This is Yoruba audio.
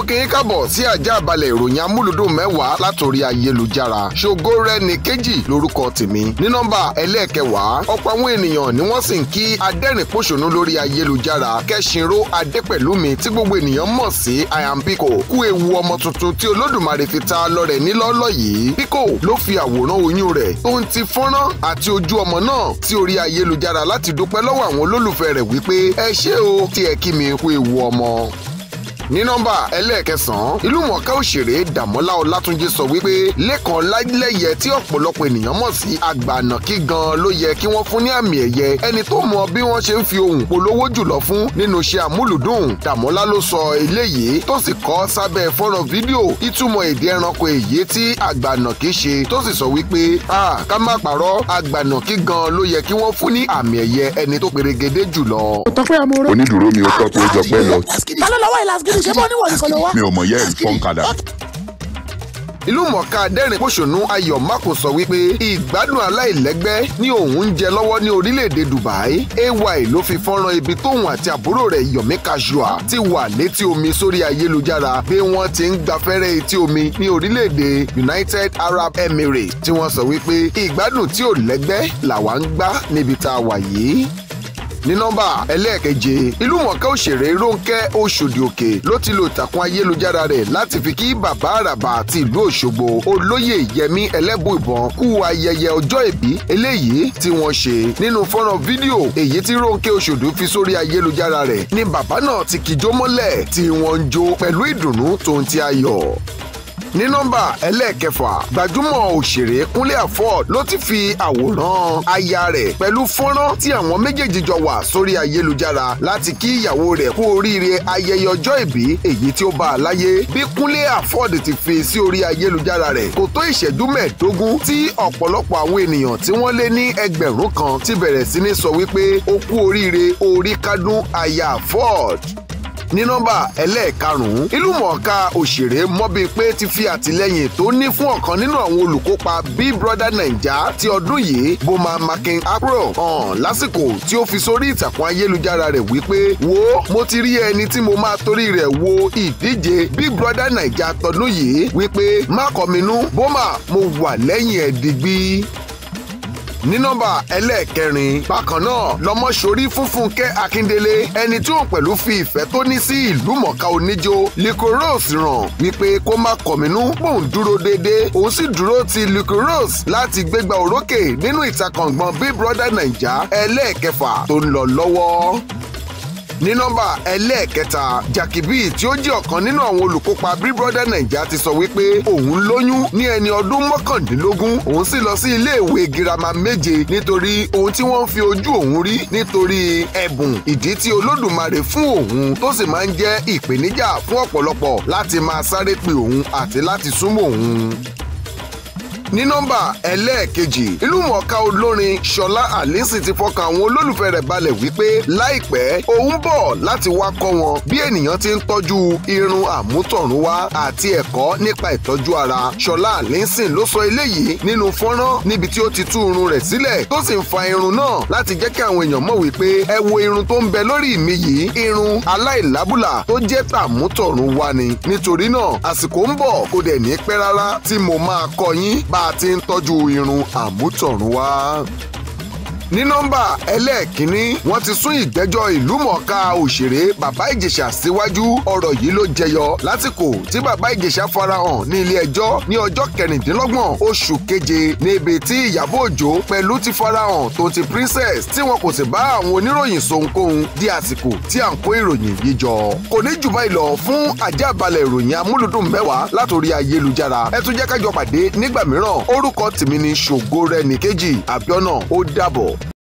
mo kì í káàbọ̀ sí àjà àbálẹ̀ ìròyìn amúlùdùn mẹ́wàá látòrí ayélujára ṣògo rẹ ní kejì lórúkọ tèmi ní nọ́mbà ẹlẹ́ẹ̀kẹwàá ọ̀pọ̀ àwọn ènìyàn ni wọ́n sì ń kí adẹ́rìn-pòṣónú lórí ayélujára kẹ́sìnró adépẹ̀lúmi tí gbogbo ènìyàn mọ̀ sí Iambiko kú ewu ọmọ tuntun tí olódùmarè fi ta lọ́rẹ nílọ́lọ́ yìí Pico ló fi àwòrán oyún rẹ̀ tó ń ti fọ́nrán àti ojú ọmọ náà sí orí ayélujára láti dúpẹ́ lọ́wọ́ àwọn olólùfẹ́ rẹ̀ wípé ẹ ṣé o tí ẹ kí mi kú ewu ọmọ ní nọ́mbà ẹlẹ́ẹ̀kẹsàn-án ìlúmọ̀ọ́ká òṣèré dàmọ́lá ọlátúnjí sọ wípé lẹ́kàn láìlẹ́yẹ tí ọ̀pọ̀lọpọ̀ ènìyàn mọ̀ sí àgbànàkí gan ló yẹ kí wọ́n fún ní àmì ẹ̀yẹ ẹni tó mọ bí wọ́n ṣe ń fi ohùn polówó jùlọ fún nínú iṣẹ́ àmúlùdùn dàmọ́lá ló sọ eléyìí tó sì kọ́ sábẹ́ fọ́nrán fídíò ìtumọ̀ èdè ẹranko èyí tí àgbànàkí ṣe tó sì sọ wípé ká má parọ́ àgbànàkí gan ló yẹ kí wọ́n fún ní àmì ẹ̀yẹ ẹni tó perégedé jùlọ. onídùúró mi ò tọ́ pé jọ pẹ́ lọ. ta ló lọ́wọ́ ìlàsígídì ṣe bọ́ níwọ̀n nìkan ló wá. mi ò mọ̀ yẹ́ ẹ̀ pọ́ńkadà ìlú mọ̀ọ́ká dẹ́rìn pòṣónú ayọ̀ makùn sọ wípé ìgbádùn aláìlẹ́gbẹ́ ní òun ń jẹ lọ́wọ́ ní orílẹ̀-èdè Dubai AY ló fi fọ́nrán ibi tóun àti àbúrò rẹ̀ Yomi Kashua ti wà létí omi sórí ayélujára bí wọ́n ti ń gbafẹ́rẹ́ etí omi ní orílẹ̀-èdè United Arab Emirates tí wọ́n sọ wípé ìgbádùn tí ò lẹ́gbẹ́ làwa ń gbá níbi tá a wà yìí ní nọ́mbà ẹlẹ́ẹ̀keje ìlúmọ̀ọ́ká òṣèré Rónkẹ́ Oṣòdì Òkè ló ti lo ìtàkùn ayélujára rẹ̀ láti fi kí bàbá àràbà ti ìlú Òṣogbo olóyè Yẹmí Ẹlẹ́bùìbọn kú ayẹyẹ ọjọ́ ìbí eléyìí tí wọ́n ṣe nínú fọ́nrán fídíò èyí tí Rónkẹ́ Oṣòdì fi sórí ayélujára rẹ̀ ni bàbá náà ti kìjó mọ́lẹ̀ tí wọ́n ń jó pẹ̀lú ìdùnnú tòun ti ayọ̀ ní nọ́mbà ẹlẹ́ẹ̀kẹfà gbajúmọ̀ òṣèré kúnlé afọ́d ló ti fi àwòrán aya rẹ̀ pẹ̀lú fọ́nrán tí àwọn méjèèjì jọ wà sórí ayélujára láti kí ìyàwó rẹ̀ kú oríire ayẹyẹ ọjọ́ ìbí èyí tí ó bá a láyé bí kúnlé afọ́d ti fi sí orí ayélujára rẹ̀ kò tó ìṣẹ́jú mẹ́ẹ̀ẹ́dógún tí ọ̀pọ̀lọpọ̀ àwọn ènìyàn tí wọ́n lé ní ẹgbẹ̀rún kan ti bẹ̀rẹ̀ sí ní sọ wípé ó kú oríire orí aya afọ́d ní nọ́mbà ẹlẹ́ẹ̀karùn-ún ìlúmọ̀ọ́ká òṣèré Mobípé ti fi àtìlẹ́yìn tó ní fún ọ̀kan nínú àwọn olùkópa Big Brother Naija ti ọdún yìí Boma Makin April hàn lásìkò tí ó fi sórí ìtàkùn ayélujára rẹ̀ wípé wo mo ti rí ẹni tí mo máa torí rẹ̀ wo ìdíje Big Brother Naija tọdún yìí wípé má kọminú Boma mo wà lẹ́yìn ẹ̀ digbí ní nọ́mbà ẹlẹ́ẹ̀kẹrin bákan náà lọ́mọ́sórí fúnfúnkẹ́ akíndélé ẹni tí òun pẹ̀lú fi ìfẹ́ tó ní sí ìlú mọ̀ká oníjó licorose ràn wípé kó má kọ̀mínú bóun dúró déédéé òun sì dúró ti licorose láti gbégbá orókè nínú ìtakàngbọ̀n big brother naija ẹlẹ́ẹ̀kẹfà tó ń lọ lọ́wọ́ ní nọ́mbà ẹlẹ́ẹ̀kẹta Jackie B tí ó jẹ́ ọ̀kan nínú àwọn olùkópa Big Brother Naija ti sọ wípé òun lóyún ní ẹni ọdún mọ́kàndínlógún òun sì lọ sí ilé ìwé girama méje nítorí ohun tí wọ́n fi ojú òun rí nítorí ẹ̀bùn ìdí tí olódùmarè fún òun tó sì máa ń jẹ́ ìpèníjà fún ọ̀pọ̀lọpọ̀ láti máa sáré pe òun àti láti súnmọ́ òun ní nọ́mbà ẹlẹ́ẹ̀kejì ìlúmọ̀ọ́ká olórin ṣọlá àlínsì ti fọkàn àwọn olólùfẹ́ rẹ̀ balẹ̀ wípé láìpẹ́ òun bọ̀ láti wá kọ́ wọn bí ènìyàn ti ń tọ́jú irun àmútọ̀runwá àti ẹ̀kọ́ nípa ìtọ́jú ara ṣọlá àlínsì ló sọ eléyìí nínú fọ́nrán níbi tí ó ti tú irun rẹ̀ sílẹ̀ tó sì ń fa irun náà láti jẹ́ kí àwọn èèyàn mọ̀ wípé ẹ wo irun tó ń bẹ lórí mi yìí irun aláìlábùlà tó jẹ́ tàmútọ̀runwá ni nítorí náà àsìkò ń bọ̀ kò dẹ̀ ní pẹ́ bá a ti ń tọ́jú irun àmútọ̀runwá ní nọ́mbà ẹlẹ́ẹ̀kínní wọ́n ti sún ìgbẹ́jọ́ ìlúmọ̀ọ́ká òṣèré bàbá ìjẹ̀ṣà síwájú ọ̀rọ̀ yìí ló jẹyọ lásìkò tí bàbá ìjẹ̀ṣà farahàn ní ilé ẹjọ́ ní ọjọ́ kẹrìndínlọ́gbọ̀n oṣù keje níbi tí ìyàbọ̀ òjó pẹ̀lú ti farahàn tó ti princess tí wọn kò sì bá àwọn oníròyìn sohunkóhun di àsìkò tí à ń kó ìròyìn yìí jọ kò ní jù báyìí lọ fún àjàbalẹ̀ ìròyìn amúlùdùn mẹ́wàá látòrí ayélujára ẹ tún jẹ́ ká jọ pàdé nígbà mìíràn orúkọ tèmi ni ṣògo rẹ̀ nìkejì àbíọ́nà ó dàbọ̀.